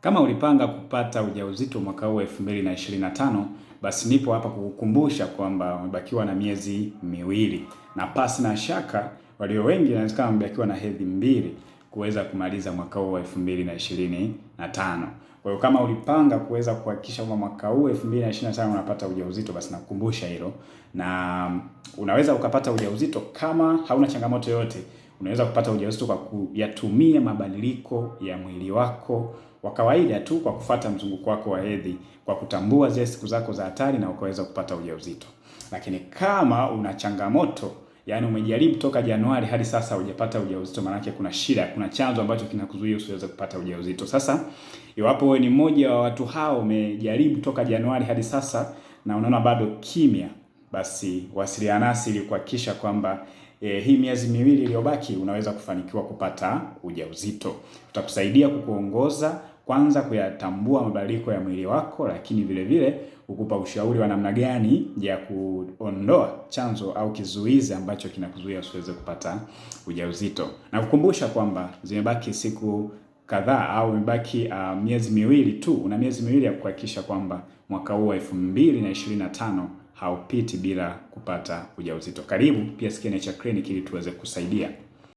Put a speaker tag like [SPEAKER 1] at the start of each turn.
[SPEAKER 1] Kama ulipanga kupata ujauzito mwaka huu 2025, basi nipo hapa kukukumbusha kwamba umebakiwa na miezi miwili, na pasi na shaka walio wengi inawezekana wamebakiwa na hedhi mbili kuweza kumaliza mwaka huu wa 2025. Kwa hiyo kama ulipanga kuweza kuhakikisha kwamba mwaka huu 2025 unapata ujauzito, basi nakukumbusha hilo, na unaweza ukapata ujauzito kama hauna changamoto yoyote unaweza kupata ujauzito kwa kuyatumia mabadiliko ya mwili wako wa kawaida tu kwa kufata mzunguko wako wa hedhi, kwa kutambua zile siku zako za hatari na ukaweza kupata ujauzito. Lakini kama una changamoto yaani umejaribu toka Januari hadi sasa hujapata ujauzito, maanake kuna shida, kuna chanzo ambacho kinakuzuia usiweze kupata ujauzito. Sasa iwapo wewe ni mmoja wa watu hao, umejaribu toka Januari hadi sasa na unaona bado kimya basi wasiliana nasi ili kuhakikisha kwamba e, hii miezi miwili iliyobaki unaweza kufanikiwa kupata ujauzito. Tutakusaidia kukuongoza kwanza kuyatambua mabadiliko ya mwili wako, lakini vile vile kukupa ushauri wa namna gani ya kuondoa chanzo au kizuizi ambacho kinakuzuia usiweze kupata ujauzito, na kukumbusha kwamba zimebaki siku kadhaa au imebaki uh, miezi miwili tu. Una miezi miwili ya kuhakikisha kwamba mwaka huu wa 2025 haupiti bila kupata ujauzito. Karibu pia Skin Nature Clinic ili tuweze kusaidia.